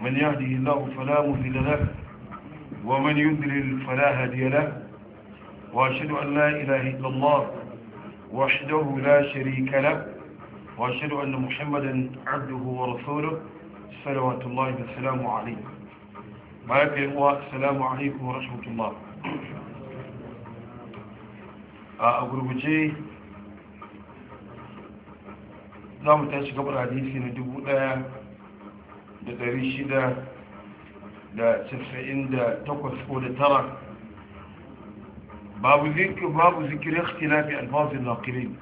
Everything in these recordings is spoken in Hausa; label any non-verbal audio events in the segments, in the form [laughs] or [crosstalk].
من يهده الله فلا مذل له ومن يذلل فلا هادي له وأشهد أن لا إله إلا الله وحده لا شريك له وأشهد أن محمدا عبده ورسوله صلوات الله والسلام عليه بارك الله السلام عليكم ورحمة الله أقول بجي mu tashi gabar hadisi na da ɗari shida da casa'in da takwas ko da tara babu zikirin ikhtilafi alfazin naƙirin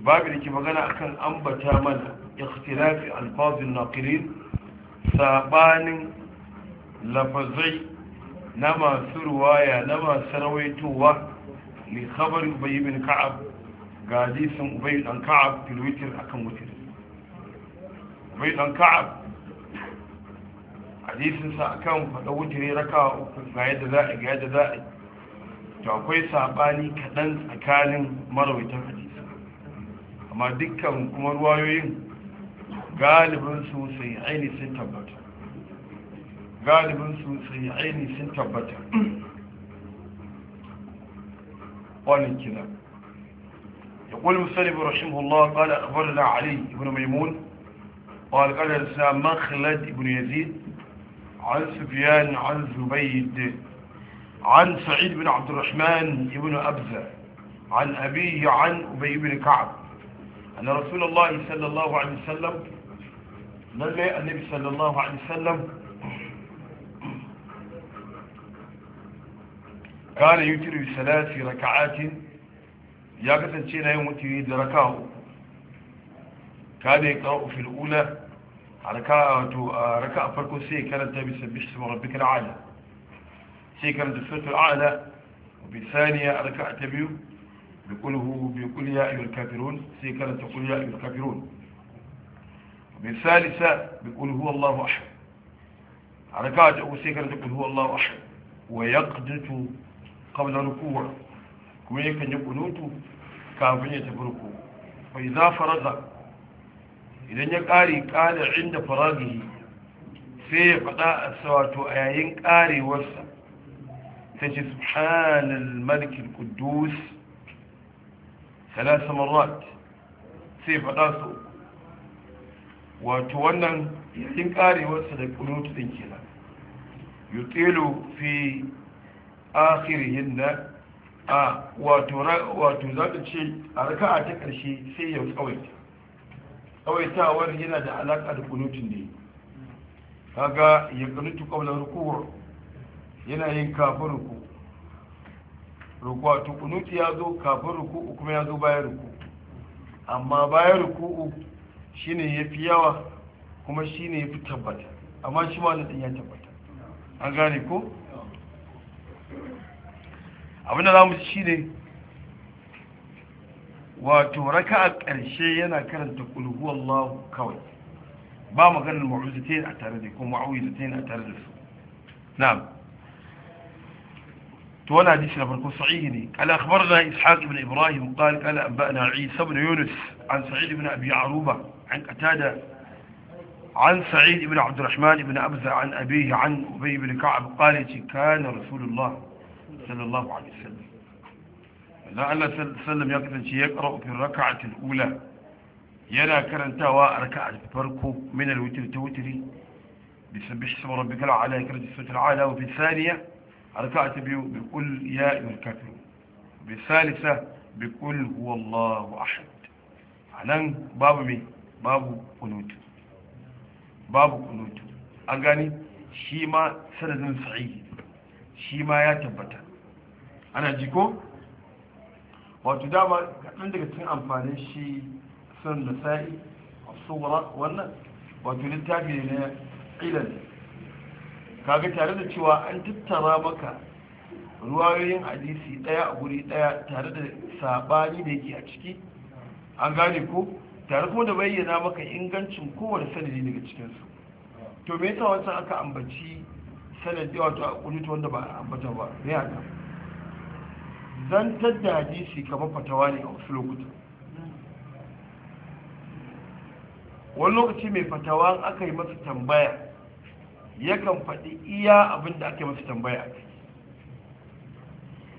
babu da ke magana akan ambata mana ikhtilafi alfazin naƙirin saɓanin lafazai na masu ruwaya na masu rawaitowa li khabarin bin ka'ab ga hadisin ubayi dan ka'ab filwitir akan wutir ubayi dan ka'ab hadisin a kan faɗa wujire raka uku ga yadda za a ga yadda za a to akwai saɓani kaɗan tsakanin marawaitan hadisa amma dukkan kuma ruwayoyin galibinsu sai aini sun tabbata galibin galibinsu sai aini sun tabbata wani kina ya يقول المسلم رحمه الله قال أخبرنا علي بن ميمون قال قال الإسلام مخلد بن يزيد عن سفيان عن زبيد عن سعيد بن عبد الرحمن بن أبزة عن أبيه عن أبي بن كعب أن رسول الله صلى الله عليه وسلم نلقى النبي صلى الله عليه وسلم كان يتر بثلاث ركعات يا كثير يوم تريد ركعه كان يقرأ في الأولى ركاء آه، فرقو سي كانت باسم ربك العالى سي كانت بصوت الأعلى وبثانية ركاء تبيو بقوله بقول يا أيها الكافرون سي كانت تقول يا أيها الكافرون وبثالثة بقول هو الله أحد ركاء أو سي كانت تقول هو الله أحد ويقدت قبل ركوع كما يكن يقولون كافية فرقو فإذا فرزق idan ya ƙari ƙada inda faragihi sai ya faɗa a sawato a yayin ƙarewarsa ta ce subhanal malikin kudus salasa marat sai faɗa su wato wannan yayin ƙarewarsa da ƙunutu ɗin kenan yutilu fi akhirihin na a wato za ta ce a raka'a ta ƙarshe sai ya tsawaita tsawaitawar yana da alaƙa da kunutun ne kaga ya kunutu kawai rukuwa yana yin kafin ruku rukuwa to kunutu ya zo kafin ruku kuma ya zo bayan ruku amma bayan ruku shine ya fi yawa kuma shine ya fi tabbata amma shi ma wani ya tabbata an gane ko abinda za mu shi ne wato raka a ƙarshe yana karanta ƙulhu Allah kawai ba maganar ma'uzatain a tare da kuma ma'uzatain a tare da su na'am to wani hadisi na farko sahihi ne ala akhbarna ishaq ibn ibrahim qala qala anba'na isa ibn yunus an sa'id ibn abi aruba an qatada عن سعيد بن عبد الرحمن بن أبزع عن أبيه عن أبي بن كعب قال كان رسول الله صلى الله عليه وسلم لا ألا سلم يقرأ في الركعة الأولى يلا كرنتوا ركعة فركو من الوتر توتري بسبح اسم ربك العلى كرة السوت العلى وفي الثانية ركعت بكل يا الكافرون وفي الثالثة بكل هو الله أحد علن باب مين؟ باب قنوت باب قنوت أغاني شيما سند سعيد شيما يا تبتا أنا جيكو wato dama kaɗan daga cikin amfanin shi sun sa'i a wannan wato littafi ne na ilan kaga tare da cewa an tattara maka ruwayoyin hadisi ɗaya a guri daya tare da saɓani da yake a ciki an gane ko tare kuma da bayyana maka ingancin kowane sanadi daga cikinsu to me yasa wancan aka ambaci sanadi wato a kulita wanda ba a ambata ba ne haka zantar da hadisi kamar fatawa ne a wasu lokuta wani lokaci mai fatawa aka yi masa tambaya yakan faɗi iya abin da ake masa tambaya a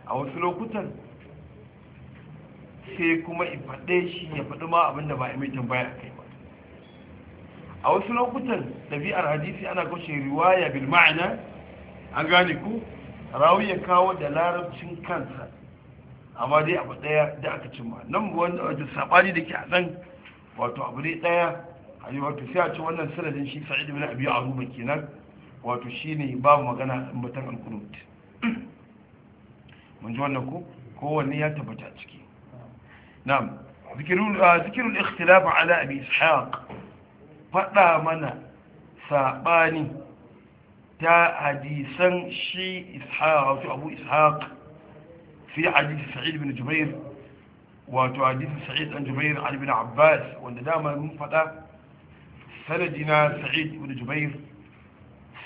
a wasu lokutan sai kuma in faɗe shi ya faɗi ma abin da ba a mai tambaya a kai ba a wasu lokutan ɗabi'ar hadisi ana kwashe riwaya bil ma'ana an gane ku rawi ya kawo da larabcin kansa amma dai abu daya da aka cimma nan wanda uh, sabani da ke a nan wato abu dai daya a yi wato sai a ci wannan sanadin shi sa'id bin abi aruba kenan wato shi shine babu magana ambatan al-qunut mun ji wannan ko kowanne ya tabbata a ciki na'am zikirul uh, zikirul ikhtilaf ala abi ishaq fada mana sabani ta hadisan shi ishaq wato abu ishaq في حديث سعيد بن جبير wato hadisi sa'id an jubair an ibn abbas wanda dama mun faɗa sanadi na sa'id ibn jubair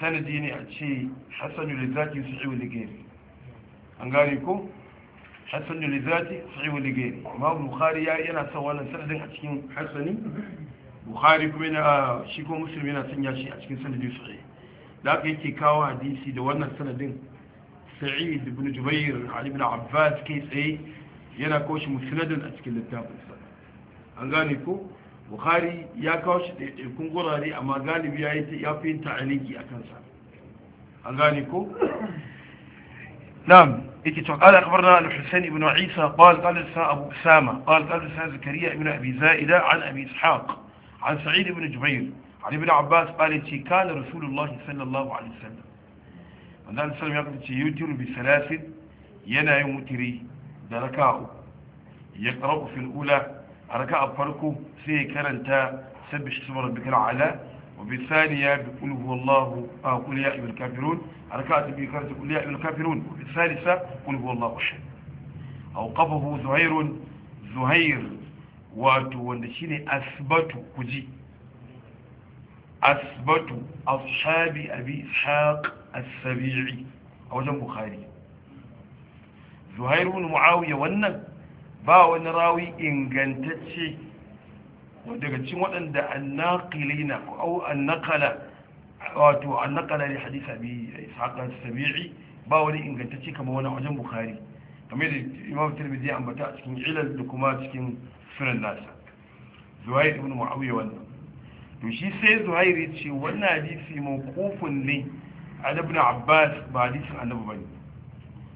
a ce hasanu lizati sa'idu ligeri an gane ko hasanu lizati sa'idu ligeri amma bukhari ya yana son wannan sanadin a cikin hasani bukhari kuma yana yana son a cikin da aka yake kawo hadisi da wannan sanadin سعيد بن جبير علي بن عباس كيف ايه ينا كوش مسند اتكل التاب اغانيكو بخاري يا كوش يكون قراري اما غالب يا يا فين تعليقي اكنسا اغانيكو نعم ايتي قال اخبرنا الحسين بن عيسى قال قال سا ابو اسامه قال قال سا زكريا بن ابي زائده عن ابي اسحاق عن سعيد بن جبير علي بن عباس قال كان رسول الله صلى الله عليه وسلم manzan sallam ya kasance yutiru bi salasin yana yin wutiri da raka uku ya qara'u fil ula a raka'a farko sai ya karanta sabbih isma rabbikal ala wa bi thaniya bi qul huwallahu a qul ya ayyuhal kafirun a raka'a ta biyu karanta qul ya ayyuhal kafirun wa bi thalitha qul huwallahu ahad awqafahu zuhairun zuhair wato wanda shine asbatu kuji asbatu ashabi abi ishaq as a wajen bukhari zuhair ibn muawiya wannan ba wani rawi ingantacce daga cikin waɗanda annaqilina ko annaqala wato annaqala li hadith abi ishaq sabii ba wani ingantacce kamar wannan wajen bukhari kamar da imam tirmidhi ya ambata a cikin ilal da kuma cikin sunan nasa zuhair ibn muawiya wannan to shi sai zuhair ya ce wannan hadisi mawqufun ne an ibn abbas ba hadisin annabi bane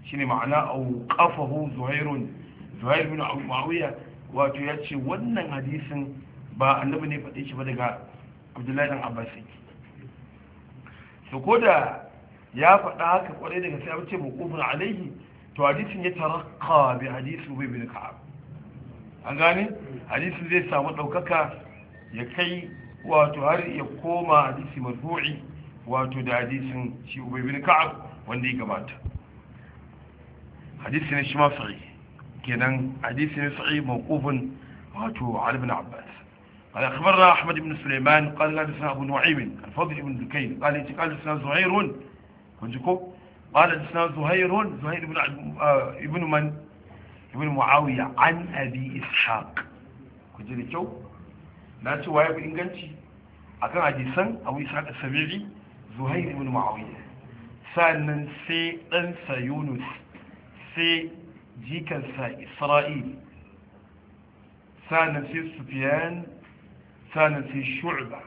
shine ma'ana auqafahu zuhairun zuhair bin muawiya wato ya ce wannan hadisin ba annabi ne fadi shi ba daga abdullahi dan abbas to koda ya faɗa haka kwarai daga sai abace maqufun alaihi to hadisin ya tarakka bi hadisi ubay bin ka'ab an gane hadisin zai samu ɗaukaka ya kai wato har ya koma hadisi marfu'i wato da hadisin shi ubay bin ka'ab wanda ya gabata hadisi ne shi ma sa'i kenan hadisi ne sa'i mawqufun wato ali bin abbas قال أخبرنا أحمد بن سليمان قال لا تسنى أبو نعيم الفضل بن دكين قال قال تسنى زهير قال تسنى زهير زهير بن, ابن من ابن معاوية عن أبي إسحاق كنت لكو لا توايب إنجنتي akan hadisan abu isa da sabiri زهير بن معاوية ثانا سي أنسى يونس سي جيك إسرائيل ثانا سي سفيان ثانا سي شعبة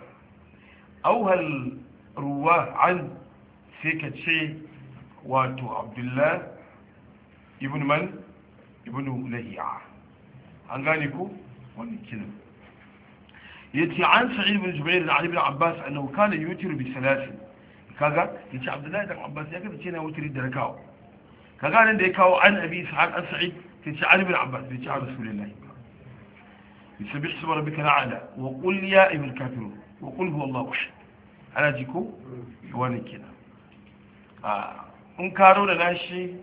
أو هل رواه عن سي كتشي واتو عبد الله ابن من؟ ابن لهيعة أنغانيكو ونكلم يتي عن سعيد بن جبير عن ابن عباس أنه كان يوتر بثلاثة kaga yace abdullahi dan abbas ya ce na wutiri da kawo, kaga nan da ya kawo an abi sa'ad an said yace ali bin abbas yace rasulullahi يسبح اسم ربك الأعلى وقل يا أيها الكافرون وقل هو الله أحد أنا جيكو وانا كده in karo da nashi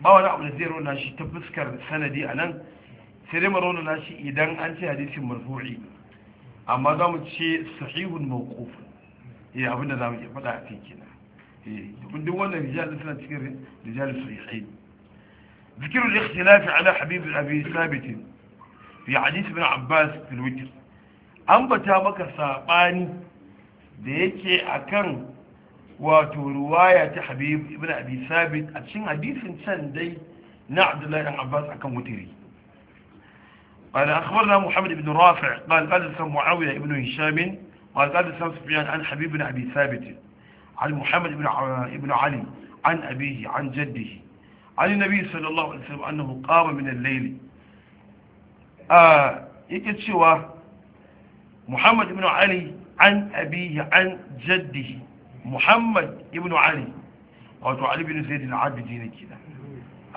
ba wani abu da zai zero shi ta fuskar sanadi a nan sai dai maro da nashi idan an ce hadisin marfu'i amma za mu ce sahihun mawqufun ya eh, abin da zamu iya faɗa a kai kenan eh duk wannan rijal suna cikin rijal sahihai ذكر الاختلاف على حبيب أبي ثابت في حديث ابن عباس في الوتر أنبتا مكا ساباني ديكي أكن wato ruwaya ta habibu ibn abi sabit a cikin hadisin can dai na abdullahi ibn abbas akan wutiri قال أخبرنا محمد بن رافع قال قال سم ابن هشام قال قال سفيان عن حبيب بن أبي ثابت عن محمد بن ابن علي عن أبيه عن جده عن النبي صلى الله عليه وسلم أنه قام من الليل آه يكتشوا محمد بن علي عن أبيه عن جده محمد بن علي wato Ali bin Zaid al-Abidi ne kenan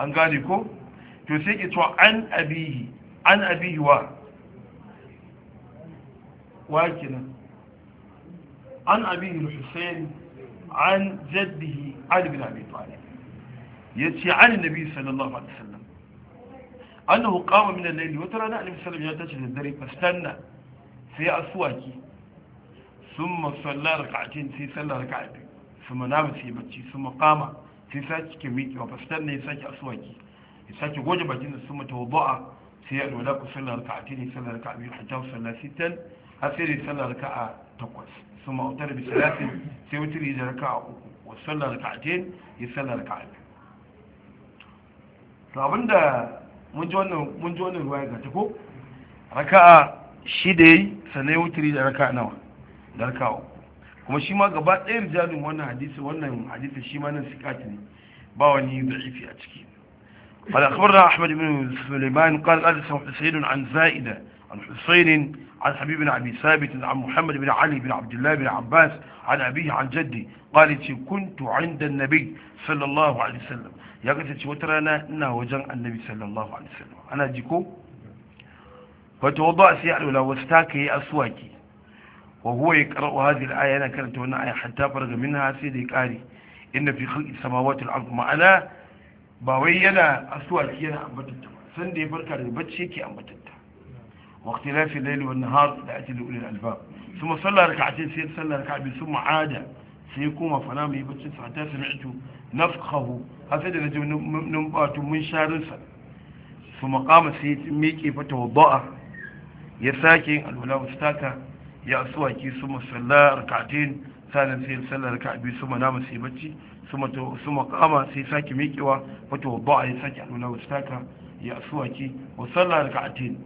an gane ko to sai ke to an abihi an abihi wa an abihi al-husayn an jaddihi ali bin abi talib yace an nabi sallallahu alaihi wasallam annahu qama min al-layl wa tarana annabi sallallahu alaihi wasallam ya tashi da dare fastanna sai aswaki thumma salla rak'atain sai salla rak'atain thumma nama sai bacci thumma qama sai saki ke miki wa fastanna ya saki aswaki ya saki goje bakin sa thumma tawadda'a sai ya alwala ku takwas ثم أوتر بثلاث سيوتر إذا ركع وصلى ركعتين يصلى ركعتين فأبن دا من جوانا رواية قاتكو ركع شيدي سنيوتر إذا ركع نوا دا ركع كما شما قبات اي رجال وانا حديث وانا حديث شما hadisi باواني ma nan sikati قال أخبرنا أحمد بن سليمان قال قال سيد عن زائدة عن حسين عن حبيب بن أبي ثابت عن محمد بن علي بن عبد الله بن عباس عن أبيه عن جدي قالت كنت عند النبي صلى الله عليه وسلم يا قلت وترانا إنه وجن النبي صلى الله عليه وسلم أنا جيكو فتوضأ سيعلو لو استاكي أسواكي وهو يقرأ هذه الآية أنا كانت هنا آية حتى فرغ منها سيدي قالي إن في خلق السماوات والأرض أنا باوي أنا أسواكي أنا أمبتت سندي بركة البتشي أمبتت واختلاف الليل والنهار لأتي لأولي الألباب ثم صلى ركعتين سيد صلى ركعتين ثم عاد سيقوم فنام يبتس حتى سمعت نفخه هكذا نجم نمبات من شارسة ثم قام سيد ميكي فتوضأ يساكي الولاء واستاكا يأسواكي ثم صلى ركعتين ثانا سيد صلى ركعتين ثم نام سيبتي ثم ثم قام سيساكي ميكي فتوضأ يساكي الولاء واستاكا يأسواكي وصلى ركعتين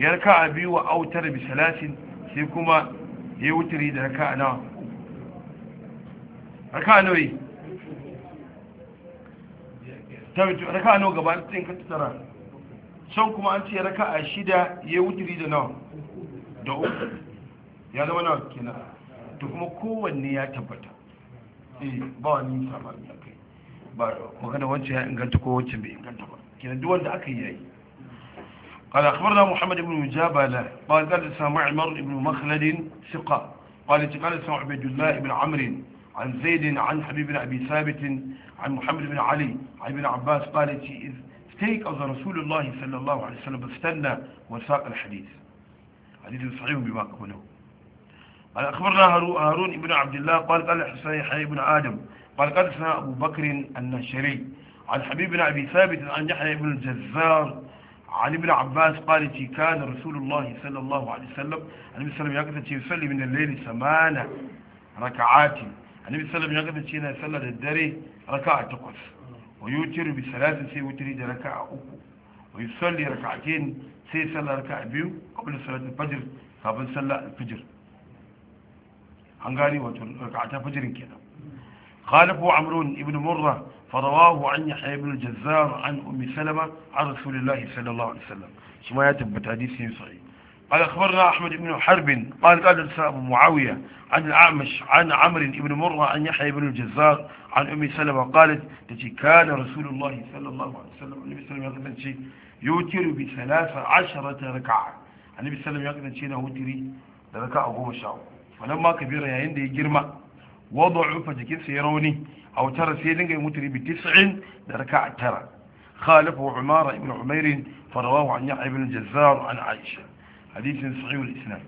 ya raka a biyu wa autar bisalasin sai kuma ya yi wuturi da raka a nawa raka a nauyi raka a nawa gaba da tsinka kattara can kuma an ce raka a shida ya yi wuturi da nawa da uku ya zama nawa kenan to kuma kowanne ya tabbata eh, ba wani sabani a kai ba magana wancan ya inganta ko wancan bai inganta ba kenan duk wanda aka yi yayi قال أخبرنا محمد بن مجابلة قال قال سمع عمر بن مخلد ثقة قال قال سمع عبد الله بن عمرو عن زيد عن حبيب بن أبي ثابت عن محمد بن علي عن ابن عباس قال إذ استيقظ رسول الله صلى الله عليه وسلم استنى وساق الحديث حديث صحيح بما قبله قال أخبرنا هارون بن عبد الله قال قال حسين حي بن آدم قال قال سمع أبو بكر النشري عن حبيب بن أبي ثابت عن يحيى بن الجزار عن ابن عباس قال كان رسول الله صلى الله عليه وسلم النبي صلى الله عليه وسلم يصلي من الليل ثمان ركعات النبي صلى الله عليه وسلم يقول صلى الدري ركعة تقص ويوتر بثلاث سي وتر ركعة أكو ويصلي ركعتين سي صلى ركعة بيو قبل صلاة الفجر قبل صلى الفجر هنغاري وتر ركعة فجر كده قال ابو عمرو ابن مرة فرواه عن يحيى بن الجزار عن أم سلمة عن رسول الله صلى الله عليه وسلم شما يتبت حديثه صحيح قال أخبرنا أحمد بن حرب قال قال أبو معاوية عن الأعمش عن عمرو بن مرة عن يحيى بن الجزار عن أم سلمة قالت التي كان رسول الله صلى الله عليه وسلم النبي صلى الله عليه وسلم يوتر بثلاث عشرة ركعة النبي صلى الله عليه وسلم يوتر بركعه ركعة وهو شعور فلما كبير يا عندي جرمة وضعوا فجكس يروني أو ترى سيدنك يمتري بتسع لركع ترى خالفه عمارة بن عمير فرواه عن يحيى بن الجزار عن عائشة حديث صحيح الإسلام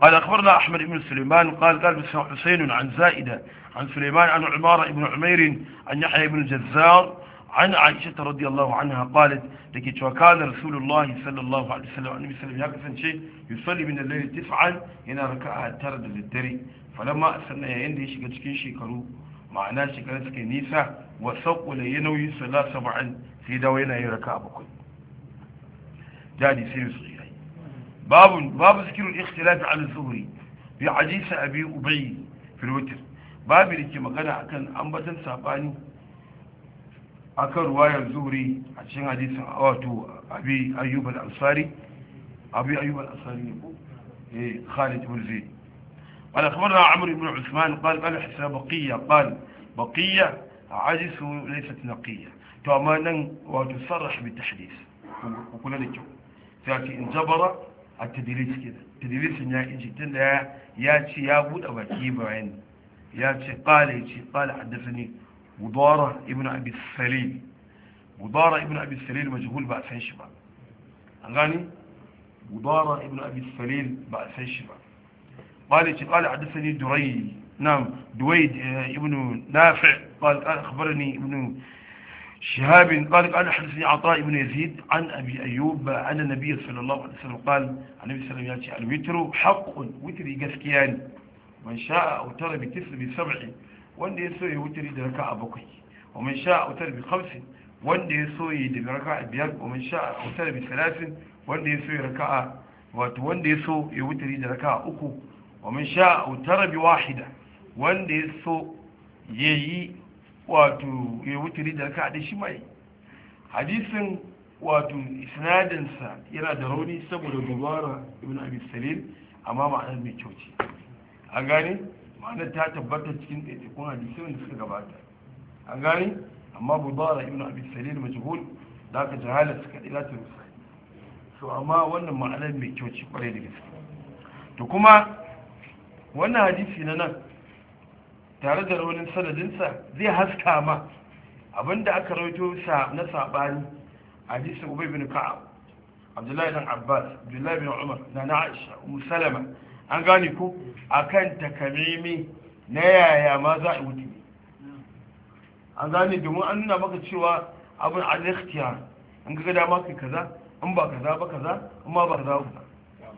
قال أخبرنا أحمد بن سليمان قال قال حسين عن زائدة عن سليمان عن عمارة بن عمير عن يحيى بن الجزار عن عائشة رضي الله عنها قالت لك وكان رسول الله صلى الله عليه وسلم صلى الله عليه وسلم يصلي من الليل تسعا هنا ركعها ترد للدري falamma a sannan yayin da ya shiga cikin shekaru ma'ana shekaru suke nisa wa saƙula ya nauyi sala saba'an sai dawo yana yin raka a bakwai jadi sai su yi babu babu zikirul ikhtilaf al zuhri bi hadisi abi ubay fil witr babu da ke magana akan ambatan sabani akan ruwayar zuhri a cikin hadisin wato abi ayyub al ansari abi ayyub al ansari ne ko eh khalid ibn zaid قال أخبرنا عمرو بن عثمان قال قال حسنا بقية قال بقية عجز ليست نقية تمانا وتصرح بالتحديث وكلنا الجو ذاتي انجبر التدريس كده تدريس يا إنجي تلا ياتي يا بود أباكي بعين ياتي قال ياتي قال حدثني مضارة ابن أبي السليل مضارة ابن أبي السليل مجهول بعد فين شباب أغاني مضارة ابن أبي السليل بعد فين شباب قال قال حدثني دريد نعم دويد ابن نافع قال قال أخبرني ابن شهاب قال قال حدثني عطاء بن يزيد عن أبي أيوب عن النبي صلى الله عليه وسلم قال عن النبي صلى الله عليه وسلم الوتر حق وتري قسكيان من شاء أوتر بتسر بسبع وان يسوي وتري دركاء بقي ومن شاء أوتر بخمس وان يسوي بركاء بيار ومن شاء أوتر بثلاث وان يسوي ركاء وان يسوي وتري دركاء أكو wa min sha utara bi wahida wanda ya so ya yi wato ya wuturi da ka haɗe shi mai hadisin wato isnadinsa yana da rauni saboda dubara ibn abi salim amma ma'anar mai kyau ce an gane ma'anar ta tabbata cikin ɗaiɗaikun hadisai da suka gabata an gane amma dubara ibn abi salim majhul da aka jahala suka ɗila ta rusa to amma wannan ma'anar mai kyau ce kwarai da gaske to kuma wannan hadisi na nan tare da raunin sanadinsa zai haska ma abinda aka rawaito na saɓani hadisi ubay bin ka'ab abdullahi bin abbas abdullahi bin umar da na aisha musalama an gane ko akan takamimi na yaya ma za a wuce an gane domin an nuna maka cewa abin al an ga dama kai kaza in ba kaza ba kaza in ma ba kaza ba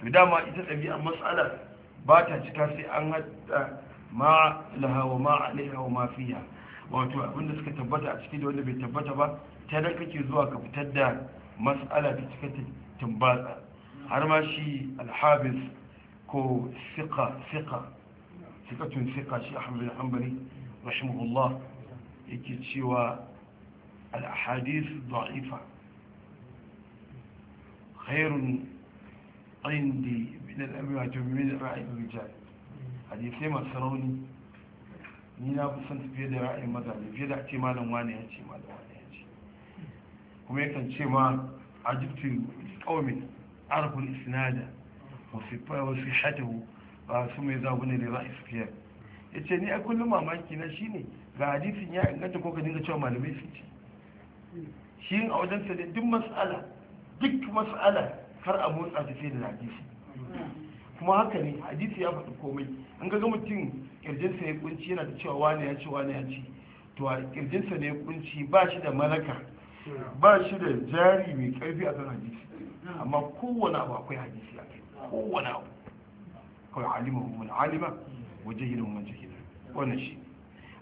to dama ita tsabi'a mas'ala ba ta cika sai an hada ma lahawa ma alaiha wa mafiya wato abinda suka tabbata a ciki da wanda bai tabbata ba ta nan kake zuwa ka fitar da mas'ala ta cika tumbatsa har ma shi alhabis ko siƙa siƙa tun siƙa shi ahmad bin hanbali yake cewa al da'ifa khairun عندي min al'amri wato min ra'ayin rijal hadisai masu rauni ni na fi son fiye da ra'ayin mazaje fiye da ce malam wane ya ce malam wane ya ce kuma yakan ce ma a ajibtu qaumin arful isnada wasu fa wasu shatahu ba su mai zabu ne da ra'ayi su fiye Ya ce ni a kullum mamaki na shi ne ga hadisin ya inganta ko ka dinga cewa malamai su ce shi a wajen sa duk mas'ala duk mas'ala kar a motsa ta sai da hadisi kuma haka ne hadisi ya faɗi komai an ga mutum kirjinsa ya kunci yana da cewa wane ya ce wane ya ce to a kirjinsa ne kunci ba shi da malaka ba shi da jari mai karfi a kan hadisi amma kowane abu akwai hadisi a kai kowane abu kawai alima mun alima waje yi mun jahila wannan shi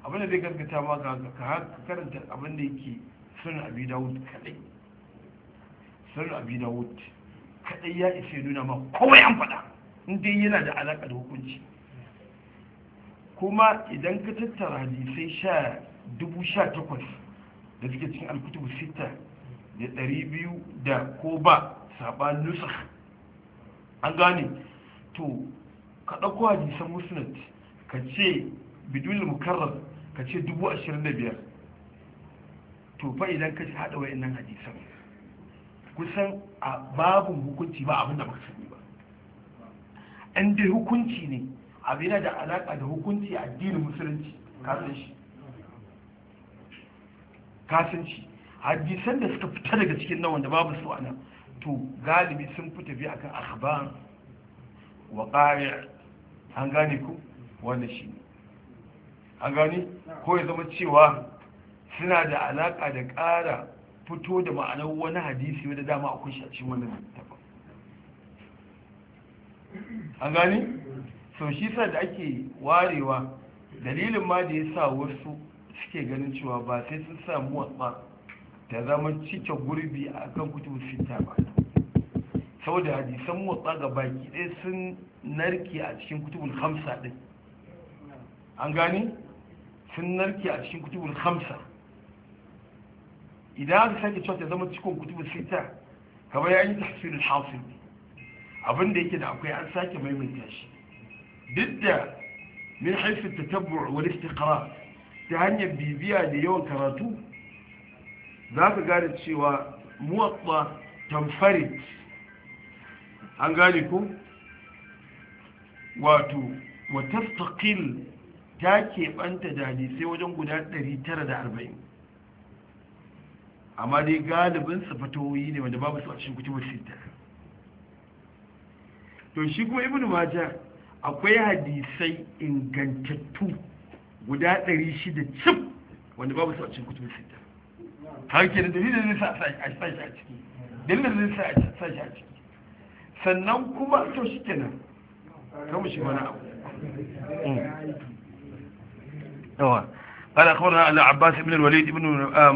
abinda zai gaskata ma ga ka karanta abinda yake sunan abi dawud kadai sunan abi dawud kaɗai ya ishe nuna ma kowai an faɗa inda yana da alaƙa da hukunci kuma idan ka tattara hadisai sha dubu sha takwas da suke cikin alkutubu sita da ɗari biyu da ko ba saɓan nusa an gane to ka ɗauko hadisan musnad ka ce bidul mukarrar ka ce dubu ashirin da biyar to fa idan ka haɗa wa'in nan hadisan kusan a babin hukunci ba abinda baka sani ba an dai hukunci ne abin yana da alaka da hukunci a addinin musulunci kasan shi shi hadisan da suka fita daga cikin nan wanda babu su ana to galibi sun fi tafi akan akhbar wa qari' an gane ku wannan shi an gane ko ya zama cewa suna da alaka da ƙara fito da ma'anar wani hadisi wadda dama akwai shi a cikin wannan littafi an gani so shi sa da ake warewa dalilin ma da ya sa wasu suke ganin cewa ba sai sun samu wasu da zama cike gurbi a kan kutubu sita ba saboda hadisan watsa ga baki ɗaya sun narke a cikin kutubul hamsa ɗin an gani sun narke a cikin kutubul hamsa idan aka sake cewa ta zama cikin kutubu sita kamar ya yi tafsirin hasil abin da yake da akwai an sake maimaita shi duk da min haifin ta tabbur wani istikara ta hanyar bibiya da yawan karatu za ka gane cewa muwatsa tamfarit an gane ko wato wata stakil ta keɓanta da hadisai wajen guda 940 amma dai galibin su fatoyi ne wanda babu su a cikin kutubu sita to shi kuma ibn majah akwai hadisai ingantattu guda 600 cif wanda babu su a cikin kutubu sita har ke da dalilin zai sa shi a ciki dalilin zai sa shi a ciki sannan kuma to shi kenan kama shi mana abu yawa قال أخبرنا العباس بن الوليد بن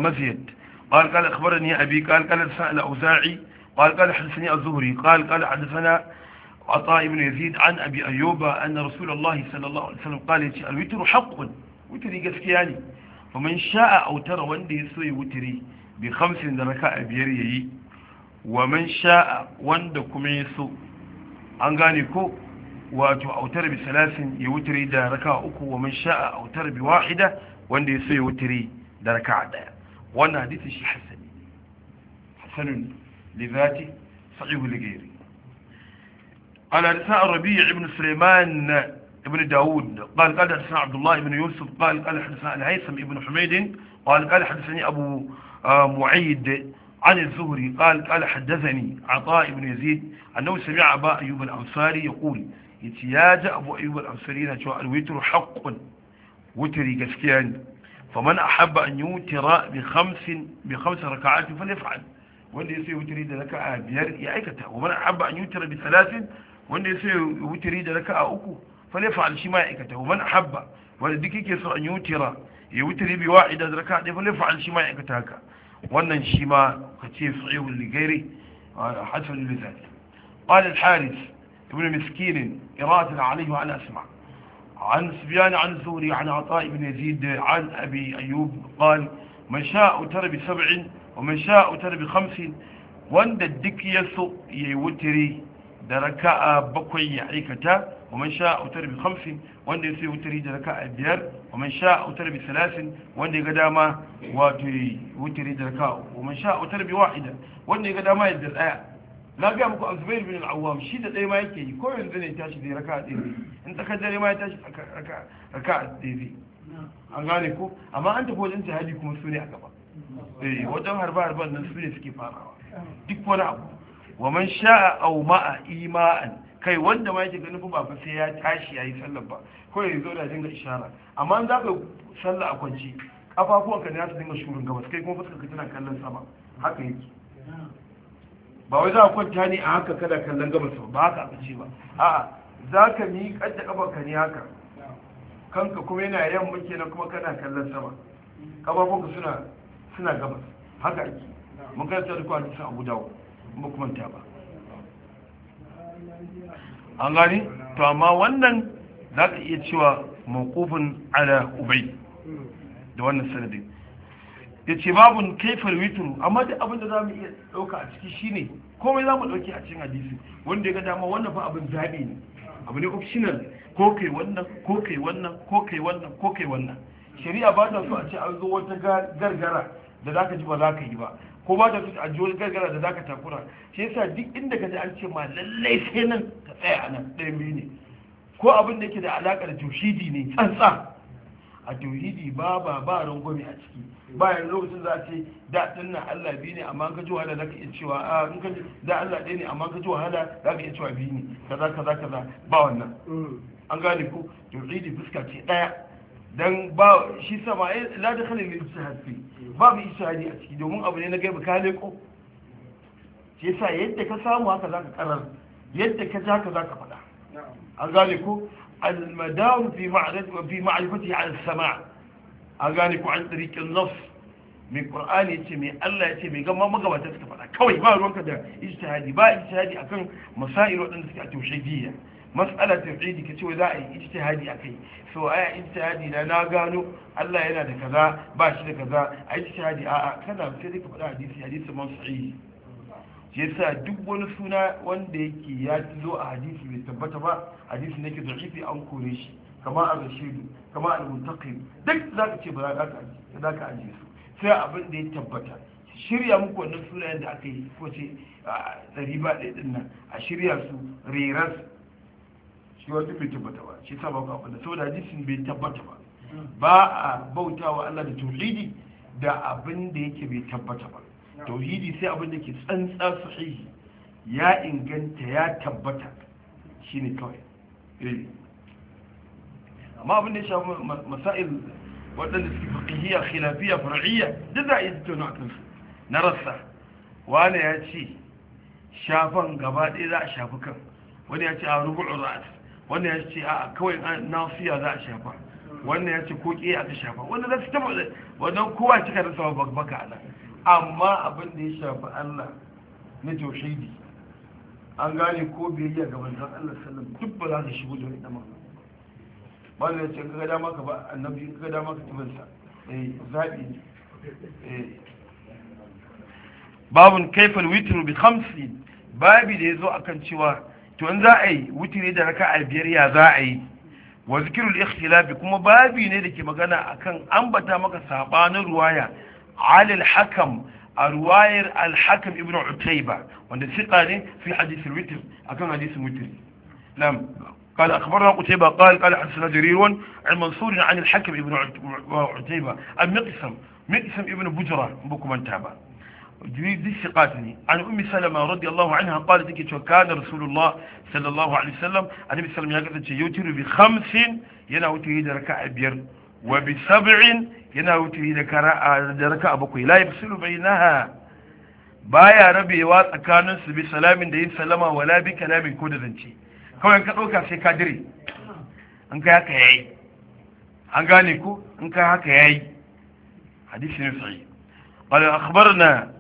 مزيد قال قال أخبرني أبي قال قال الأوزاعي قال قال حدثني الزهري قال قال حدثنا عطاء بن يزيد عن أبي أيوب أن رسول الله صلى الله عليه وسلم قال الوتر حق وتري قسكياني فمن شاء أوتر وندي يسوي وتري بخمس ركاء بيريه ومن شاء وندكم يسو أنغانيكو wato autar bi salasin ya wutiri da raka uku wa man sha'a autar bi wahida wanda ya so ya wutiri da raka daya وانا حديث شي حسن حسن لذاته صحيح لغيري قال حدثنا الربيع بن سليمان بن داود قال قال حدثنا عبد الله بن يوسف قال قال حدثنا الهيثم بن حميد قال قال حدثني أبو آه، معيد عن الزهري قال قال حدثني عطاء بن يزيد أنه سمع أبا أيوب الأنصاري يقول يتياج أبو أيوب الأنصاري نتوى الوتر حق وتري قسكيان فمن أحب أن يوتر بخمس بخمس ركعات فليفعل وإنه يسوي وتريد لك أبيار يعيكته ومن أحب أن يوتر بثلاث وإنه يسوي وتريد لك أوكو فليفعل شما يعيكته ومن أحب ولدك يسوي أن يوتر يوتر بواعدة ركعة فليفعل شما يعيكته وإنه شما قتير صعيب لغيري آه، حسن بذلك قال الحارث ابن مسكين إرادة عليه وأنا أسمع عن سفيان عن ثوري عن عطاء بن يزيد عن أبي أيوب قال من شاء أتر بسبع ومن شاء أتر بخمس وند الدك يسو يوتري دركاء بقوي يعيكتا ومن شاء أتر بخمس وند يسو يوتري دركاء بيار ومن شاء أتر بثلاث وند قداما وتري دركاء ومن شاء أتر بواحدة وند قداما يدر na gaya muku azubair bin al'awam shi da ɗaya ma yake yi ko yanzu ne tashi da raka a ɗaya in tsakar dare ma ya tashi raka a ɗaya an gane ko amma an tafi wajen jihadi kuma su ne a gaba eh, wajen harba harban nan su ne suke farawa duk wani abu wa man sha'a aw ma'a ima'an kai wanda ma yake ganin ba fa sai ya tashi yayi sallar ba ko ya zo da dinga ishara amma an zaka sallah a kwanci kafafuwanka ne za su dinga shurin gabas kai kuma fuskar ka tana kallon sama haka yake ba wai za a kwanta ne a haka kada kallon gabas ba haka a ce ba a za ka miƙar kafa ka ne haka kanka kuma yana yamma kenan kuma kana kallon sama ka suna suna gabas haka ake mun karanta da duka sun abu dawo ba kuma ta ba an gani to amma wannan za ka iya cewa mawqufun ala ubay da wannan sanadin ya ce babun kaifar witru amma duk abin da za mu iya ɗauka a ciki shine komai za mu ɗauki a cikin hadisi wanda ya ga dama wannan fa abin zaɓi ne abu ne optional ko kai wannan ko kai wannan ko kai wannan ko kai wannan shari'a ba ta so a ce an zo wata gargara da za ka ji ba za ka yi ba ko ba ta so a ji wani gargara da za ka takura shi yasa duk inda ka ji an ce ma lallai sai nan ka tsaya a nan ɗaya biyu ne ko abin da yake da alaƙar taushidi ne tsantsa a tauhidi ba ba ba rangwame a ciki bayan lokacin za ce da din nan Allah bi ne amma ka ji wahala zaka iya cewa a in ka da Allah ɗaya ne amma ka ji wahala zaka iya cewa bi ne kaza kaza kaza ba wannan an gane ko tauhidi fuska ce ɗaya dan ba shi sama eh, la da khalil Ba sahabi babu ishadi a ciki domin abu ne na gaiba ka leko shi yasa yadda ka samu haka zaka karar yadda ka ja ka zaka faɗa an gane ko المدار في معرفة وفي معرفته عن السماع أغانيك عن طريق النص من قرآن يتمي الله يتمي قم ما قم تسكف كوي ما الوقت ده اجتهادي با اجتهادي أكن مسائل وأن تسكت توحيدية مسألة توحيدي كتو ذا اجتهادي أكي سواء اجتهادي لا ناقانو الله ينا ده كذا باش ده كذا اجتهادي آآ كذا بسيدك فلا حديثي حديث من صحيح yasa duk wani suna wanda yake ya zo a hadisi bai tabbata ba hadisi ne ke da'ifi an kore shi kama a rashidu kama a muntaqim duk za ka ce ba za ka aje su sai abin da ya tabbata shirya muku wannan sunayen da aka yi ko ce a ɗari ba ɗaya ɗin nan a shirya su reras shi wani bai tabbata ba shi sa ba ku abin da saboda hadisin bai tabbata ba ba a bautawa Allah da tauhidi da abin da yake bai tabbata ba tauhidi sai abin da ke tsantsa sahihi ya inganta ya tabbata shine kawai eh amma abin da ya shafi masail waɗanda suke fiqhiyya khilafiyya fara'iyya duk za a yi tattauna a kansu na rassa wani ya ce shafan gaba ɗaya za a shafi kan wani ya ce a rubu'u ra'as wani ya ce a kawai nasiya za a shafa wannan ya ce ko ƙiya ta shafa wannan za su taɓa wannan kowa cika da sama babbaka a nan amma abin da ya shafi Allah na tauhidi an gane ko biyayya ga manzon Allah sallam duk ba za su shigo da wani dama ba ne ce kaga dama ka ba annabi kaga dama ka tubansa eh zabi eh babun kaifal witr bi khamsin babi da yazo akan cewa to an za a yi witri da raka'a biyar ya za a yi wa zikrul ikhtilaf kuma babi ne da ke magana akan ambata maka sabanin ruwaya على الحكم الواير الحكم ابن عتيبة وأن الثقة في حديث الوتر أكون حديث الوتر نعم قال أخبرنا قتيبة قال قال حدثنا جرير عن منصور عن الحكم ابن عتيبة المقسم مقسم ابن بجرة بكم انتابا جرير دي ثقاتني عن أم سلمة رضي الله عنها قالت كي كان رسول الله صلى الله عليه وسلم عن أم سلمة يقول يوتر بخمس هيدا ركع بير وبسبع yana wuce da kara'a da raka a bakwai la yafsilu bainaha baya rabewa tsakanin su bi salamin da yin salama wala bi kalamin ko da zance kawai ka ɗauka sai ka dire an kai haka yayi an gane ku an kai haka yayi hadisi ne sahi qala akhbarna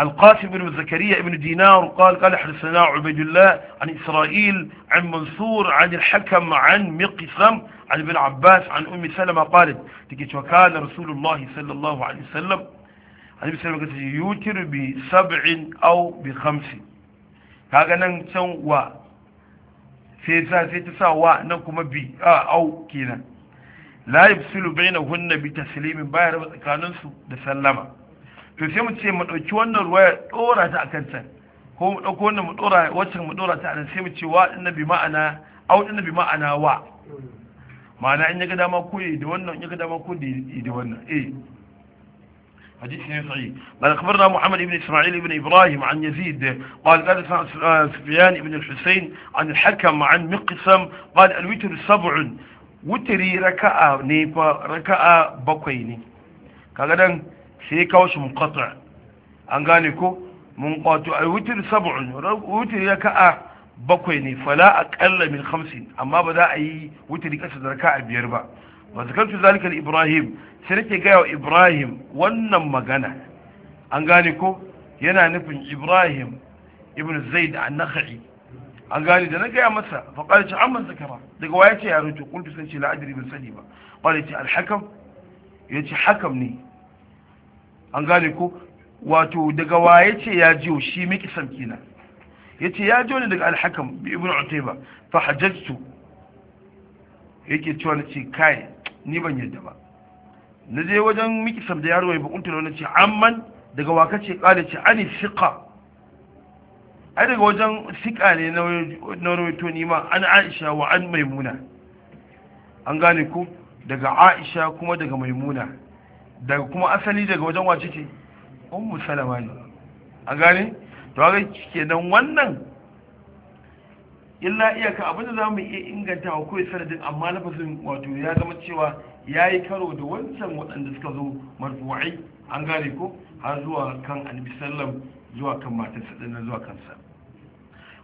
القاسم بن زكريا بن دينار قال قال حدثنا عبيد الله عن إسرائيل عن منصور عن الحكم عن مقسم عن ابن عباس عن أم سلمة قالت تكيت وكان رسول الله صلى الله عليه وسلم عن أم سلمة قالت يوتر بسبع أو بخمس هذا ننسوا و سيسا سيتسا و ننكم بي آه، أو كينا لا يبسل بينهن بتسليم باير كاننسوا دسلمة to sai mu ce mu dauki wannan ruwaya dora ta akan kan can ko mu dauko wannan mu dora wacce mu dora ta a sai mu ce wa annabi ma'ana au annabi ma'ana wa ma'ana in yaga dama ku da wannan in ya dama ku da da wannan eh حديث صحيح قال أخبرنا محمد بن إسماعيل بن إبراهيم عن يزيد قال قال سفيان بن الحسين عن الحكم عن مقسم قال الوتر سبع وتري ركعة نيفا ركعة بقيني كذا sai ya kawo shi muqatta an gane ko mun kwato a wutir sab'un wutir ya ka'a bakwai ne fala ƙalla min khamsin amma ba za a yi wutar kasa da a biyar ba wa zakartu zalika ibrahim sai nake gaya wa ibrahim wannan magana an gane ko yana nufin ibrahim ibn zaid an-nakhai an gane da na gaya masa fa qala ta amma zakara daga waya ce ya rutu kuntu sai ce la adri bin sani ba qala ce al yace hakam ne an gane ko wato daga wa ya ce ya jiyo shi miki kenan kina ya ce ya jiyo ne daga alhakam bi ibn utaiba fa hajjatu yake cewa ce kai ni ban yadda ba na je wajen miki sam da yaro mai bukuntu na ce amman daga wa ce kale ce ani siqa ai daga wajen siqa ne na rawaito ni ma an aisha wa an maimuna an gane ko daga aisha kuma daga maimuna daga kuma asali daga wajen wace ce ummu salama ne a gane to ke nan wannan illa iyaka abinda za mu iya inganta wa kawai sanadin amma na fasin wato ya zama cewa ya yi karo da wancan waɗanda suka zo marfuwai an gane ko har zuwa kan annabi sallam zuwa kan matarsa ɗin zuwa kansa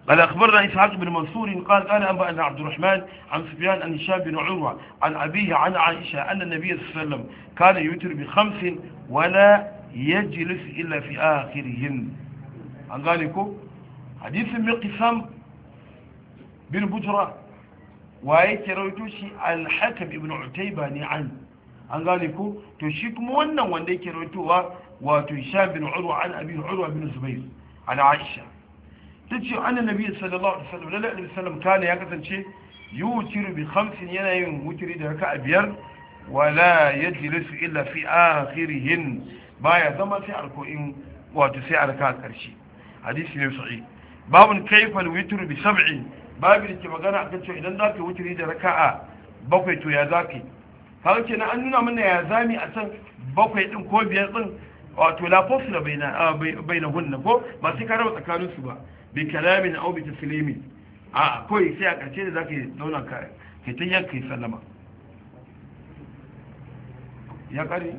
قال أخبرنا إسحاق بن منصور قال قال أنبأنا عبد الرحمن عن سفيان عن هشام بن عروة عن أبيه عن عائشة أن النبي صلى الله عليه وسلم كان يوتر بخمس ولا يجلس إلا في آخرهن عن ذلك حديث مقسم بن بجرة وآية رويتوشي الحكم ابن عتيبة عن نعم. عن ذلك تشيك مونا وان ديك رويتوها وتشام بن عروة عن أبيه عروة بن الزبير عن عائشة ta ce annan nabi sallallahu alaihi wasallam lalla alaihi wasallam kana ya kasance yutiru bi khamsin yana yin wutiri da raka'a biyar wala yajlisu illa fi akhirihin baya zama sai alko'in wato sai arka karshe hadisi ne sahi babun kayfa witru bi sab'i babu da ke magana akan cewa idan zaka wutiri da raka'a bakwai to ya zaka har na an nuna mana ya zami a can bakwai din ko biyar din wato la fosla baina ah, baina hunna ko ba sai ka raba tsakanin su ba بكلام او بتسليم اه كويس يا كثير sai a ƙarshe da za ka zauna ka ke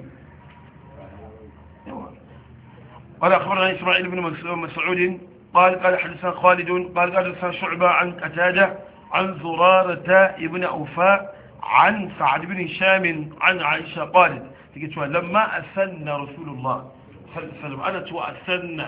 قال أخبرنا إسماعيل بن مسعود قال قال حدثنا خالد قال قال حدثنا شعبة عن قتادة عن زرارة ابن أوفاء عن سعد بن هشام عن عائشة قالت لما أسن رسول الله صلى الله عليه وسلم أنا أسن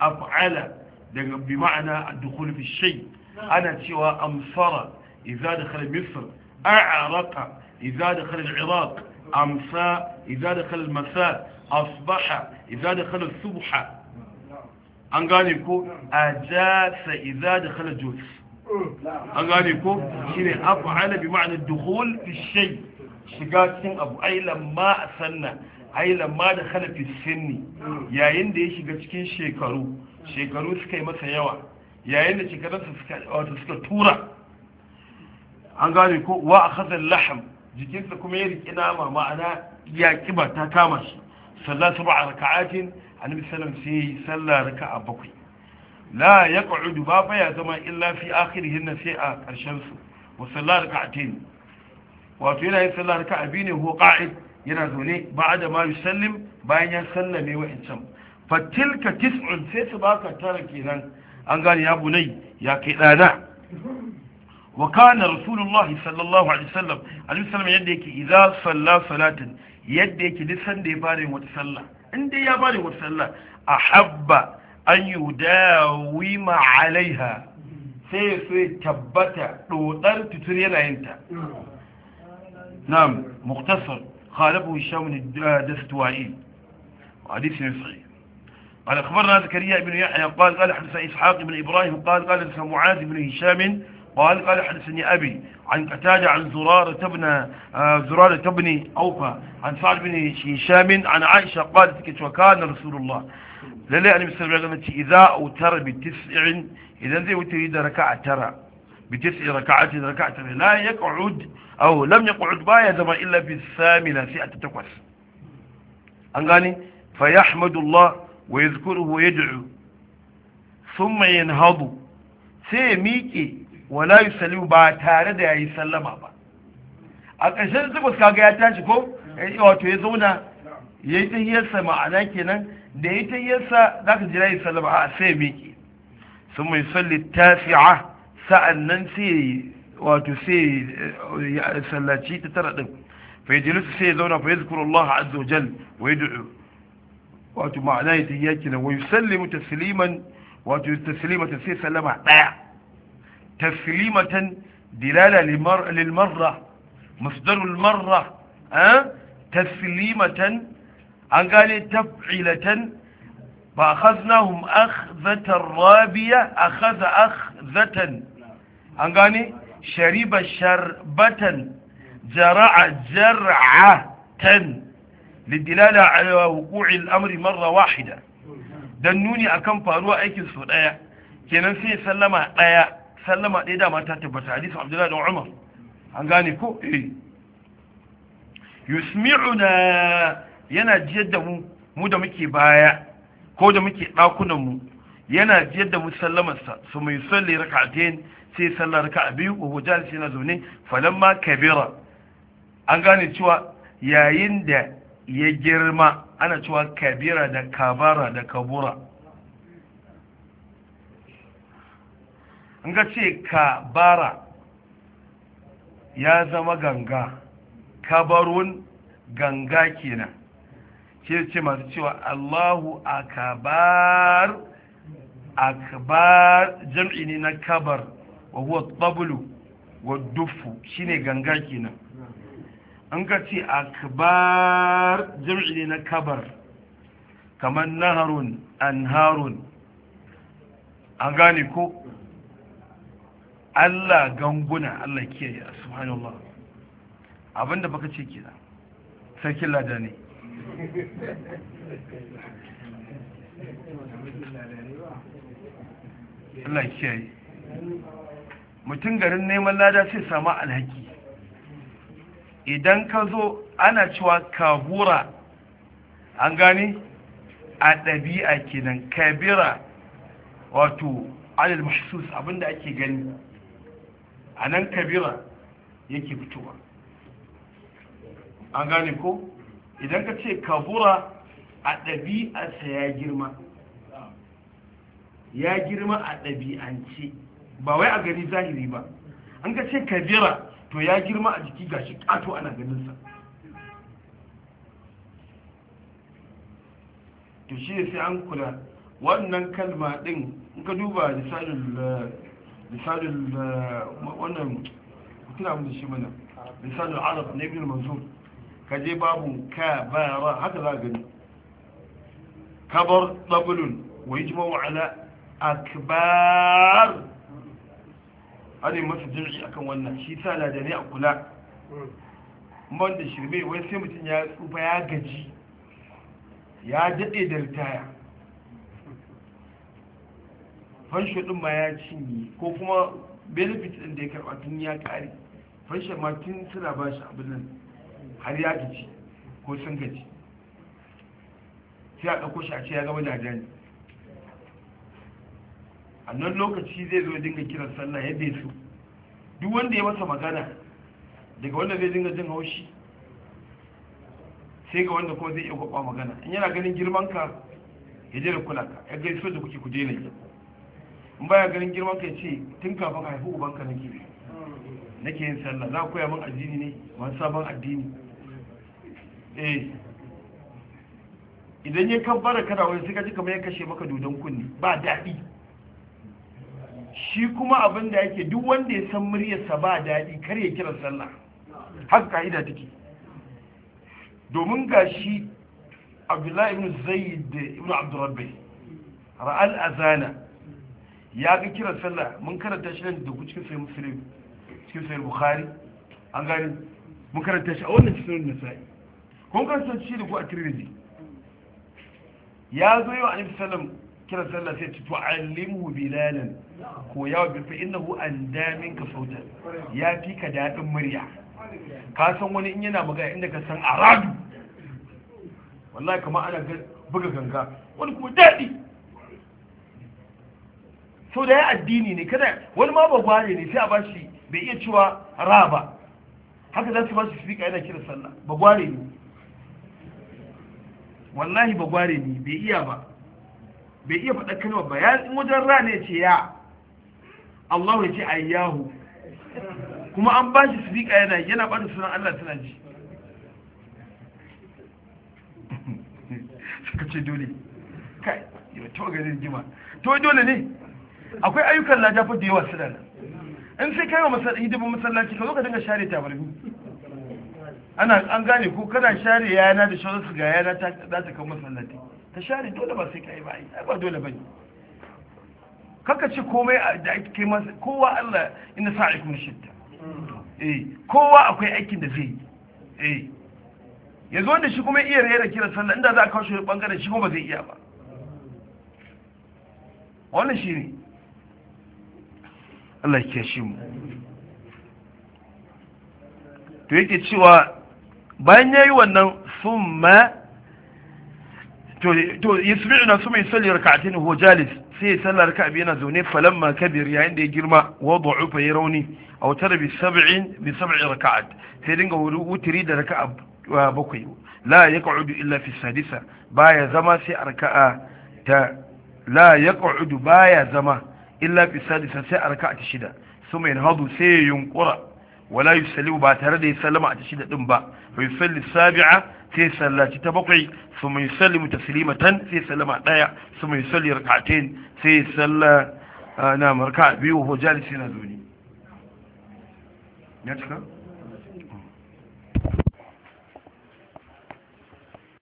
أفعل daga bi ma'ana ad-dukhul fi shay ana cewa amsara idza dakhala misr a'raqa idza dakhala al-iraq amsa idza dakhala al-masa asbaha idza dakhala as-subha an gane ko ajasa idza dakhala juz an gane ko shine af'ala bi ma'ana ad-dukhul fi shay shiga cikin abu ai lamma sanna ai lamma da fi sinni yayin da ya shiga cikin shekaru shekaru suka yi masa yawa yayin da shekarunsa suka tura an gane ko wa a hazan laham jikinsa kuma ya riƙi nama ma'ana ya ƙiba ta kama shi sallah saba a raka'atin annabi sai yi bakwai la ya ƙa'udu ba baya zama illa fi akhirihin na sai a ƙarshen wa raka'atin wato yana yi sallah raka'a biyu ne ko yana zaune ba da ma yusallim bayan ya sallame wa'incan fatilka tis'un sai su baka tara kenan an gane ya bunai ya kai dana wa kana rasulullah sallallahu alaihi wasallam alaihi wasallam yadda yake idza salla salatin yadda yake duk sanda ya fara wata sallah in dai ya fara wata sallah ahabba an yudawi ma alaiha sai ya so tabbata dodar tutur yana yin ta na'am mukhtasar khalafu shamun dastuwa'i hadisi ne sahih قال أخبرنا زكريا بن يحيى قال قال حدثنا إسحاق بن إبراهيم قال قال حدثنا معاذ بن هشام قال قال حدثني أبي عن قتادة عن زرارة بن آه، زرارة بن أوفى عن سعد بن هشام عن عائشة قالت وكان رسول الله للي أنا مستمع إذا أوتر بتسع إذا اوتر وتريد ركعة ترى بتسع ركعات ركعة لا يقعد أو لم يقعد بايا زما إلا في الثامنة سئة تكوس أنغاني فيحمد الله wa yadhkuruhu yad'u thumma yanhadu sai ya miƙe wala yusallimu ba tare da yayi sallama ba a ƙarshen zukus kaga ya tashi ko wato ya zauna yayi tahiyarsa ma'ana kenan da ya tahiyarsa zaka jira yayi sallama a sai ya miƙe thumma yusalli tasi'a sa'annan sai wato sai ya sallaci ta tara din fa yajlisu sai ya zauna fa yadhkuru Allah azza wa jalla wa yad'u wato ma'ana ya tahiyya kenan wa yusallimu tasliman wato taslimatan sai sallama daya taslimatan dilala lil marra masdarul marra taslimatan an gane taf'ilatan ba khaznahum akhzatan rabiya akhadha akhzatan an gane shariba sharbatan jara'a jar'atan lidilala ala wuqu'i al-amri marra wahida dan nuni akan faruwa aikin su daya kenan sai sallama daya sallama daya da mata tabbata hadisi Abdullah da Umar an gane ko eh yusmi'una yana jiyar da mu mu da muke baya ko da muke dakunan mu yana jiyar da mu sallamar sa su mai salli rak'atayn sai sallar biyu kabira an gane cewa yayin da ya girma ana cewa kabira da kabara da kabura in ce kabara ya zama ganga kabarun ganga kenan ke ce masu cewa allahu akabar akbar jam'i ne na kabar wa huwa tabulu wa dufu shine ganga kenan an ka ce akbar jami'i ne na kabar kamar naharun Harun an gane ko Allah ganguna Allah kiyaye subhanallah abinda baka ce kenan sarkin lada ne Allah kiyaye mutum garin neman lada sai samu alhaki idan ka zo ana cewa kabura an gane a ɗabi'a kenan kabira wato alal mahsus abinda ake gani a nan kabira yake fitowa an gane ko idan ka ce kabura a ɗabi'arsa ya girma ya girma a ɗabi'ance ba wai a gani zahiri ba an ka ce kabira to ya girma a jiki shi kato ana ganin sa to shi sai an kula wannan kalma din in ka duba lisanin lisanin eh, eh, wannan kuna mun shi mana lisanin arab na ibn mansur ka je babu ka haka za gani kabar dabulun wa yajma'u ala akbar ana yi masa jirgi akan wannan shi ta na da ne a kula ban da shirme wai sai mutum ya tsufa ya gaji ya daɗe da ritaya fansho ɗin ma ya cinye ko kuma benefit ɗin da ya karɓa tun ya ƙare fansho ma tun suna ba shi abin nan har ya gaji ko sun gaji sai a ɗauko shi a ce ya gama da jani a nan lokaci zai zo dinga kiran sallah yadda ya so duk wanda ya masa magana daga wanda zai dinga jin haushi sai ga wanda kuma zai iya kwakwa magana in yana ganin girmanka ya jira da kula ka ya gaiso da kuke ku daina yi in baya ganin girman ka ya ce tun kafin haifi ubanka nake nake yin sallah za ku koya min addini ne wani sabon addini eh idan ya kabbara kana wani sai ka ji kamar ya kashe maka dodon kunni ba daɗi shi kuma abin da yake duk wanda ya san muryarsa ba daɗi kar ya kira sallah Har ka'ida take domin ga shi abdullahi ibn da ibn abdurrabbi ra'al azana ya ga kira sallah mun karanta shi nan da cikin sai muslim cikin sai bukhari an gani mun karanta shi a wannan cikin nasa'i kun karanta shi da ku a tirmidhi ya zo yau annabi sallam kira sallah sai ci to alimu bilalan koya wa bilfa hu an damin ka sauta ya fi ka daɗin murya ka san wani in yana magana inda ka san aradu wallahi kama ana buga ganga wani kuma daɗi sau da ya addini ne kada wani ma babba ne sai a bashi bai iya cewa ra ba haka za su bashi sifika yana kira sallah bagware ne wallahi bagware ne bai iya ba bai iya faɗa kalmar bayan wajen ra ne ce ya Allah ya ce ayyahu kuma an ba shi sidika yana yana ba da sunan Allah tana ji [laughs] suka ce dole kai to ga din jima to dole ne akwai ayyukan lajafa da yawa suna dana in sai kai wa hidimin masallaci ka zo ka dinga share ta barbi ana an gane ko kana share yana da su ga yana za ta kan masallaci ta share dole ba sai kai ba ai ba dole ba ne kaka ci komai da ake masa kowa Allah aiki mun shidda eh kowa akwai aikin da zai eh yazo da shi kuma iya rera kira sallah inda za ka kawo shi bangaren shi kuma ba zai iya ba wannan shi ne Allah ya shi mu to yake cewa bayan yayi wannan summa to yasmi'una summa yusalli rak'atayn huwa jalis sai sallar ka abi yana zaune ma kabir yayin da ya girma wa du'ufa ya rauni aw tara bi sab'in bi sab'i raka'at sai dinga wutiri da raka'a bakwai la yaq'udu illa fi sadisa baya zama sai a raka'a ta la yaq'udu baya zama illa fi sadisa sai a raka'a ta shida suma hadu sai yunkura wala salimu ba tare da ya sallama a tashi da din ba fa yusalli sabi'a sai sallaci ta bakwai thumma yusallimu taslimatan sai sallama daya thumma yusalli rak'atayn sai salla ah, na marka biyu ko jalisi na zuni ya cika